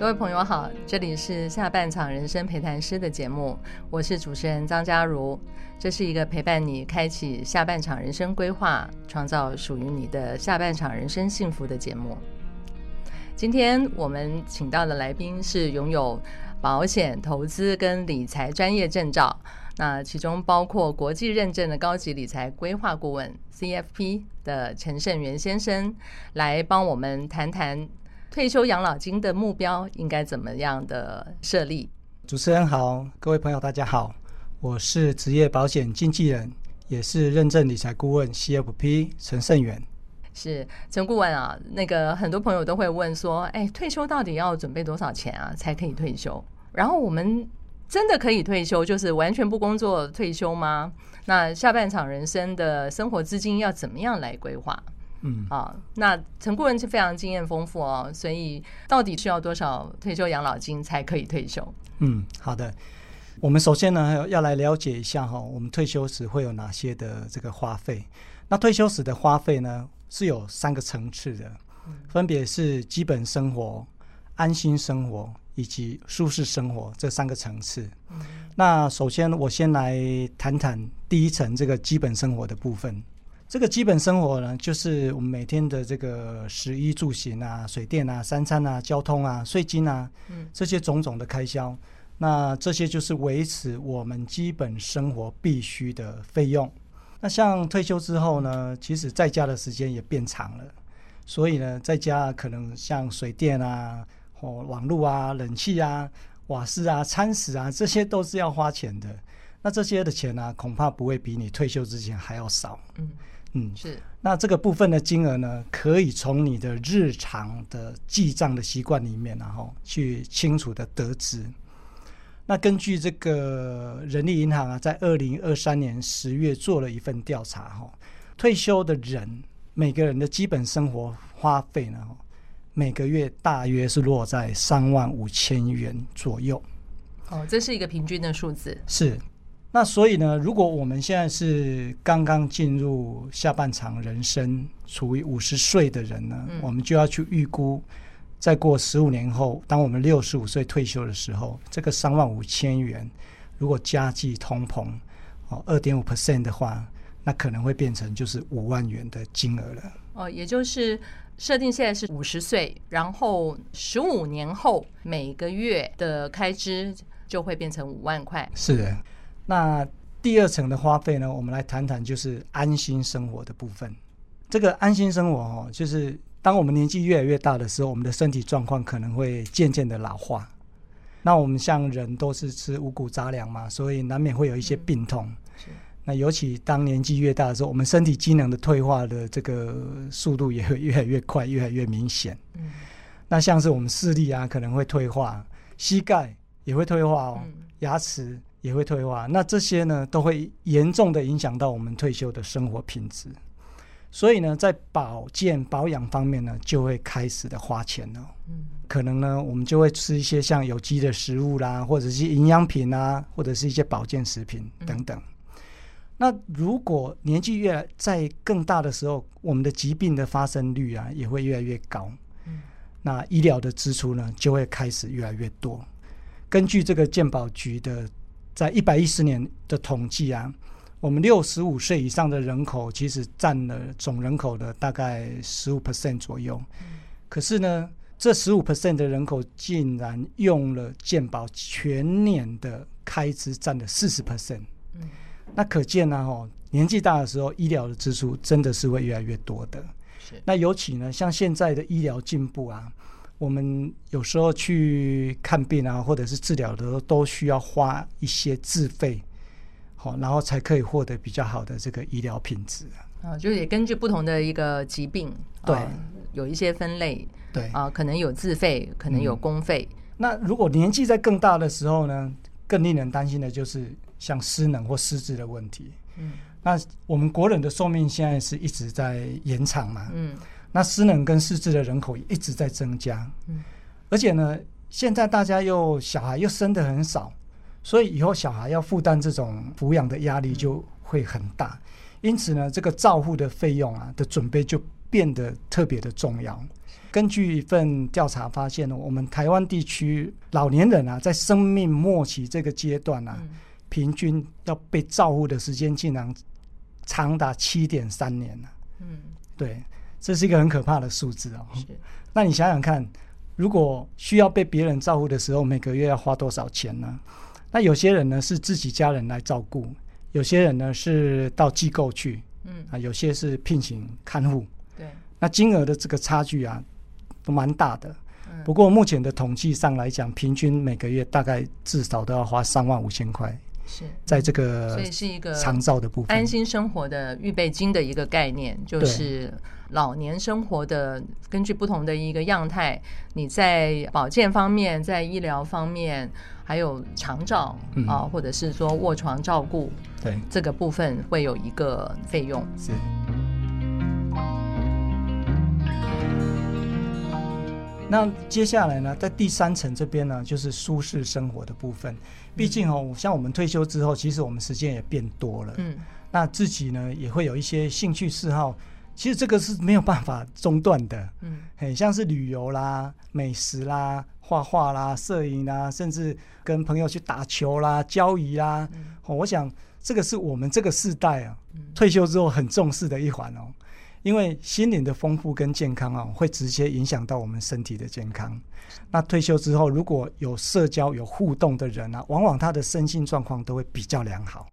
各位朋友好，這裡是下半場人生陪談師的節目，我是主持人張佳如。這是一個陪伴你開啟下半場人生規劃、創造屬於你的下半場人生幸福的節目。今天我們請到的來賓是擁有保險、投資跟理財專業證照，那其中包括國際認證的高級理財規劃顧問 （CFP） 的陳勝源先生，來幫我們談談。退休養老金的目標應該怎麼樣的設立？主持人好，各位朋友大家好，我是職業保險經紀人，也是認證理財顧問 CFP 陳勝源。是陳顧問啊，那個很多朋友都會問說，哎、欸，退休到底要準備多少錢啊，才可以退休？然後我們真的可以退休，就是完全不工作退休嗎？那下半場人生的生活資金要怎麼樣來規劃？嗯啊、哦，那陳顧問是非常經驗豐富哦，所以到底需要多少退休養老金才可以退休？嗯，好的。我們首先呢要來了解一下哈、哦，我們退休時會有哪些的這個花費？那退休時的花費呢是有三個層次的，分別是基本生活、安心生活以及舒適生活這三個層次。那首先我先來談談第一層這個基本生活的部分。這個基本生活呢，就是我們每天的這個食衣住行啊、水電啊、三餐啊、交通啊、稅金啊，這些種種的開銷。嗯、那這些就是維持我們基本生活必須的費用。那像退休之後呢，其實在家的時間也變長了，所以呢，在家可能像水電啊、哦、網絡啊、冷氣啊、瓦斯啊、餐食啊，這些都是要花錢的。那這些的錢呢、啊，恐怕不會比你退休之前還要少。嗯。嗯，是。那這個部分的金額呢，可以從你的日常的記賬的習慣裡面、啊，然後去清楚的得知。那根據這個人力銀行啊，在二零二三年十月做了一份調查哈、哦，退休的人每個人的基本生活花費呢，每個月大約是落在三萬五千元左右。好、哦，這是一個平均的數字。是。那所以呢，如果我們現在是剛剛進入下半場人生，處於五十歲的人呢，嗯，我們就要去預估，再過十五年後，當我們六十五歲退休的時候，這個三萬五千元，如果加計通膨，哦，二點五 percent 的話，那可能會變成就是五萬元的金額了。哦，也就是設定現在是五十歲，然後十五年後每個月的開支就會變成五萬塊。是的。那第二層的花費呢？我們來談談就是安心生活的部分。這個安心生活哦，就是當我們年紀越來越大的時候，我們的身體狀況可能會漸漸的老化。那我們像人都是吃五穀雜糧嘛，所以難免會有一些病痛。嗯，那尤其當年紀越大的時候，我們身體機能的退化的這個速度也會越來越快，越來越明顯。嗯，那像是我們視力啊，可能會退化，膝蓋也會退化哦，嗯，牙齒。也會退化，那這些呢都會嚴重的影響到我們退休的生活品質，所以呢，在保健保養方面呢，就會開始的花錢了。嗯，可能呢，我們就會吃一些像有機的食物啦，或者是營養品啊，或者是一些保健食品等等。嗯，那如果年紀越來在更大的時候，我們的疾病的發生率啊也會越來越高。嗯，那醫療的支出呢就會開始越來越多。根據這個健保局的，在一百一十年的統計啊，我們六十五歲以上的人口其實占了總人口的大概十五 percent 左右。嗯、可是呢，這十五 percent 的人口竟然用了健保全年的開支占了四十 percent。嗯、那可見啊，哦，年紀大的時候醫療的支出真的是會越來越多的。是，那尤其呢，像現在的醫療進步啊。我們有時候去看病啊，或者是治療的時候，都需要花一些自費，好、哦，然後才可以獲得比較好的這個醫療品質啊。就是也根據不同的一個疾病，對、啊，有一些分類，對啊，可能有自費，可能有公費、嗯。那如果年紀再更大的時候呢，更令人擔心的就是像失能或失智的問題。嗯，那我們國人的壽命現在是一直在延長嘛？嗯。那失能跟失智的人口一直在增加，嗯、而且呢，現在大家又小孩又生得很少，所以以後小孩要負擔這種撫養的壓力就會很大。嗯、因此呢，這個照護的費用啊的準備就變得特別的重要。根據一份調查發現呢，我們台灣地區老年人啊，在生命末期這個階段啊，嗯、平均要被照護的時間竟然長達七點三年了、啊。嗯，對。這是一個很可怕的數字啊、哦！是那你想想看，如果需要被別人照顧的時候，每個月要花多少錢呢？那有些人呢是自己家人來照顧，有些人呢是到機構去，嗯啊，有些是聘請看護，對。那金額的這個差距啊，都蠻大的。不過目前的統計上來講，嗯、平均每個月大概至少都要花三萬五千塊。是，在這個，所以是一個長照的部分，安心生活的預備金的一個概念，就是老年生活的根據不同的一個樣態，你在保健方面，在醫療方面，還有長照、嗯、啊，或者是說臥床照顧，對這個部分會有一個費用是。嗯那接下來呢，在第三層這邊呢，就是舒適生活的部分。畢竟哦，像我們退休之後，其實我們時間也變多了。嗯，那自己呢也會有一些興趣嗜好。其實這個是沒有辦法中斷的。嗯，很像是旅遊啦、美食啦、畫畫啦、攝影啦，甚至跟朋友去打球啦、交誼啦、哦。我想這個是我們這個世代啊，退休之後很重視的一環哦。因為心靈的豐富跟健康啊，會直接影響到我們身體的健康。那退休之後，如果有社交、有互動的人啊，往往他的身心狀況都會比較良好。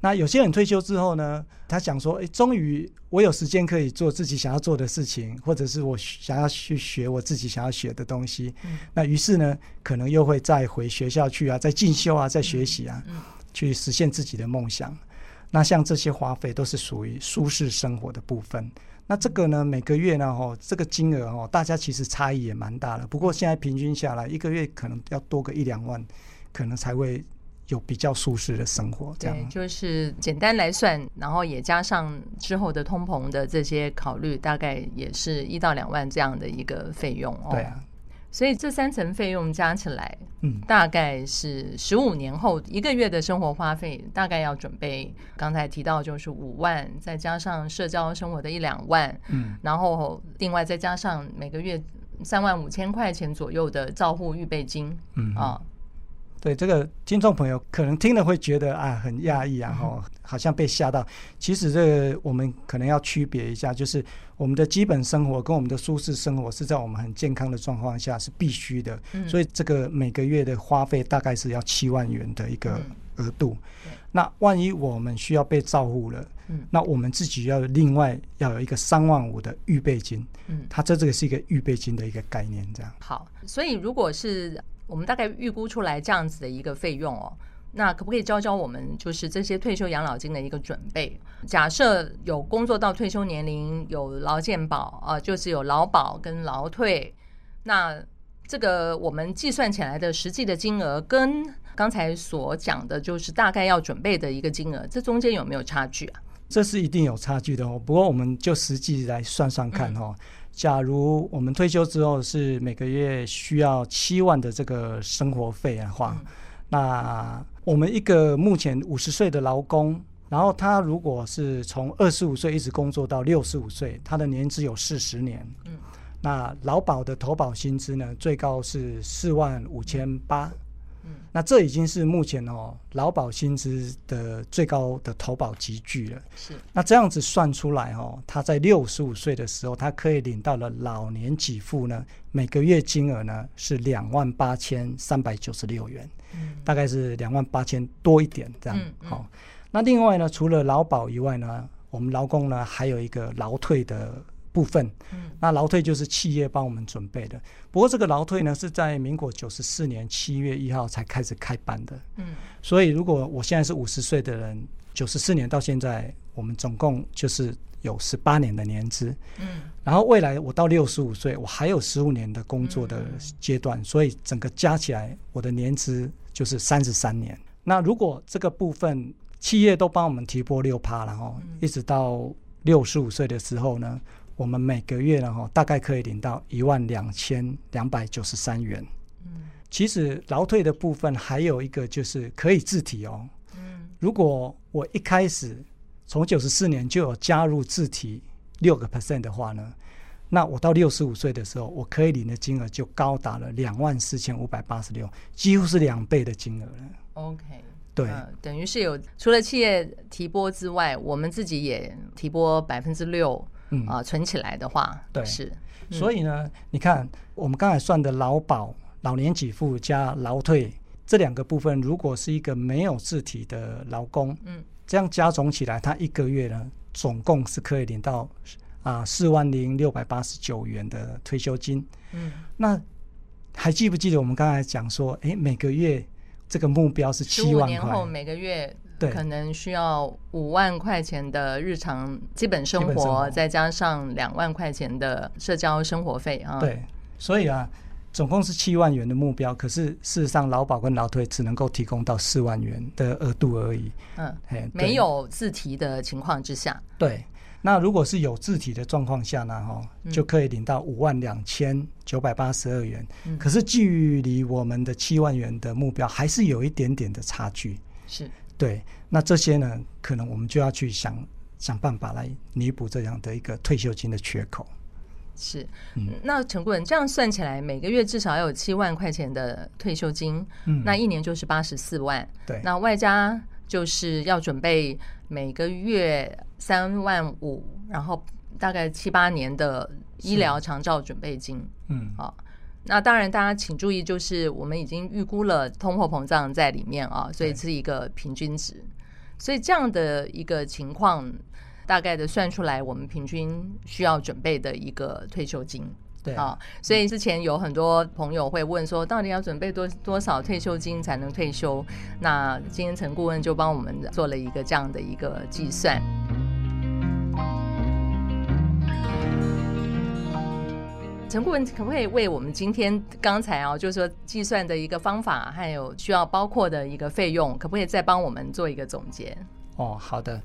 那有些人退休之後呢，他想說：“誒，終於我有時間可以做自己想要做的事情，或者是我想要去學我自己想要學的東西。嗯”那於是呢，可能又會再回學校去啊，再進修啊，再學習啊，嗯、去實現自己的夢想。那像這些花費都是屬於舒適生活的部分。那這個呢，每個月呢，哦，這個金額哦，大家其實差異也蠻大的。不過現在平均下來，一個月可能要多個一兩萬，可能才會有比較舒適的生活。這樣。對，就是簡單來算，然後也加上之後的通膨的這些考慮，大概也是一到兩萬這樣的一個費用哦。對啊。所以這三層費用加起來，嗯，大概是十五年後一個月的生活花費，大概要準備，剛才提到就是五萬，再加上社交生活的一兩萬，嗯，然後另外再加上每個月三萬五千塊錢左右的照護預備金，嗯啊。對這個聽眾朋友，可能聽了會覺得啊、哎、很訝異、啊，然後好像被嚇到。嗯、其實這個我們可能要區別一下，就是我們的基本生活跟我們的舒適生活是在我們很健康的狀況下是必須的。嗯、所以這個每個月的花費大概是要七萬元的一個額度。嗯、那萬一我們需要被照顧了，嗯、那我們自己要另外要有一個三萬五的預備金。嗯，他這這個是一個預備金的一個概念，這樣。好，所以如果是。我們大概預估出來這樣子的一個費用哦，那可不可以教教我們，就是這些退休養老金的一個準備？假設有工作到退休年齡，有勞健保啊，就是有勞保跟勞退，那這個我們計算起來的實際的金額，跟剛才所講的，就是大概要準備的一個金額，這中間有沒有差距啊？這是一定有差距的哦，不過我們就實際來算算看哈、哦。嗯假如我們退休之後是每個月需要七萬的這個生活費的話，嗯、那我們一個目前五十歲的勞工，然後他如果是從二十五歲一直工作到六十五歲，他的年資有四十年，嗯、那勞保的投保薪資呢，最高是四萬五千八。那這已經是目前哦勞保薪資的最高的投保級距了。是，那這樣子算出來哦，他在六十五歲的時候，他可以領到了老年給付呢，每個月金額呢是兩萬八千三百九十六元，嗯，大概是兩萬八千多一點這樣。好，嗯嗯，那另外呢，除了勞保以外呢，我們勞工呢還有一個勞退的部分，嗯，那勞退就是企業幫我們準備的。不過這個勞退呢，是在民國九十四年七月一號才開始開辦的，嗯，所以如果我現在是五十歲的人，九十四年到現在，我們總共就是有十八年的年資，嗯，然後未來我到六十五歲，我還有十五年的工作的階段，所以整個加起來我的年資就是三十三年。那如果這個部分企業都幫我們提撥六趴，然後一直到六十五歲的時候呢？我們每個月呢、哦、大概可以領到一萬兩千兩百九十三元。嗯、其實勞退的部分還有一個就是可以自提哦。嗯、如果我一開始從九十四年就有加入自提六個 percent 的話呢，那我到六十五歲的時候，我可以領的金額就高達了兩萬四千五百八十六，幾乎是兩倍的金額了。OK，嗯、對，呃、等於是有除了企業提撥之外，我們自己也提撥百分之六。啊，存起來的話，對，是、嗯。所以呢，嗯、你看我們剛才算的勞保、老年給付加勞退這兩個部分，如果是一個沒有自提的勞工，嗯，這樣加總起來，他一個月呢，總共是可以領到啊四萬零六百八十九元的退休金。嗯，那還記不記得我們剛才講說，誒，每個月這個目標是七萬年後每個月。對可能需要五萬塊錢的日常基本生活，生活再加上兩萬塊錢的社交生活費啊。對，嗯、所以啊，總共是七萬元的目標。可是事實上，勞保跟勞退只能夠提供到四萬元的額度而已。嗯，沒有自提的情況之下，對。那如果是有自提的狀況下呢？哦嗯，就可以領到五萬兩千九百八十二元。嗯，可是距離我們的七萬元的目標還是有一點點的差距。是。對，那這些呢，可能我們就要去想想辦法來彌補這樣的一個退休金的缺口。是，嗯、那陳顧問這樣算起來，每個月至少要有七萬塊錢的退休金，嗯、那一年就是八十四萬，對，那外加就是要準備每個月三萬五，然後大概七八年的醫療長照準備金，嗯，好、哦。那當然，大家請注意，就是我們已經預估了通貨膨脹在裡面啊，所以這是一個平均值。對所以這樣的一個情況，大概的算出來，我們平均需要準備的一個退休金。對啊，對，所以之前有很多朋友會問說，到底要準備多多少退休金才能退休？那今天陳顧問就幫我們做了一個這樣的一個計算。陳顧問，可不可以為我們今天剛才啊，就是說計算的一個方法，還有需要包括的一個費用，可不可以再幫我們做一個總結？哦，好的，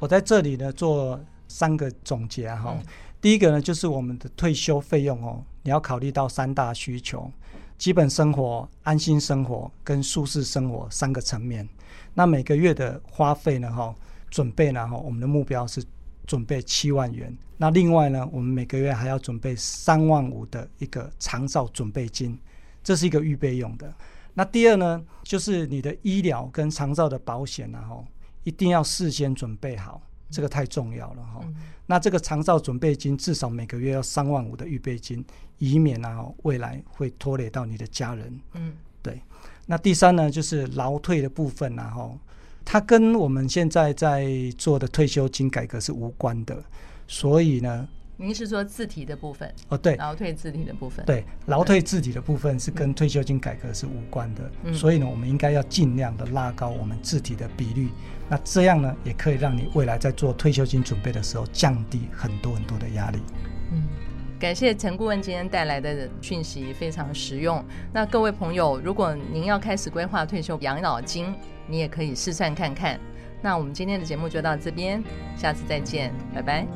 我在這裡呢做三個總結哈。嗯、第一個呢，就是我們的退休費用哦，你要考慮到三大需求：基本生活、安心生活跟舒適生活三個層面。那每個月的花費呢，哈，準備呢，哈，我們的目標是。準備七萬元，那另外呢，我們每個月還要準備三萬五的一個長照準備金，這是一個預備用的。那第二呢，就是你的醫療跟長照的保險啊，然後一定要事先準備好，這個太重要了哈。嗯，那這個長照準備金至少每個月要三萬五的預備金，以免啊未來會拖累到你的家人。嗯，對。那第三呢，就是勞退的部分啊，然後。它跟我們現在在做的退休金改革是無關的，所以呢，您是說自提的部分哦？對，勞退自提的部分，對，勞退自提的部分是跟退休金改革是無關的，嗯、所以呢，我們應該要盡量的拉高我們自提的比率，嗯、那這樣呢，也可以讓你未來在做退休金準備的時候降低很多很多的壓力。嗯，感謝陳顧問今天帶來的訊息非常實用。那各位朋友，如果您要開始規劃退休養老金，你也可以試算看看。那我們今天的節目就到這邊，下次再見，拜拜。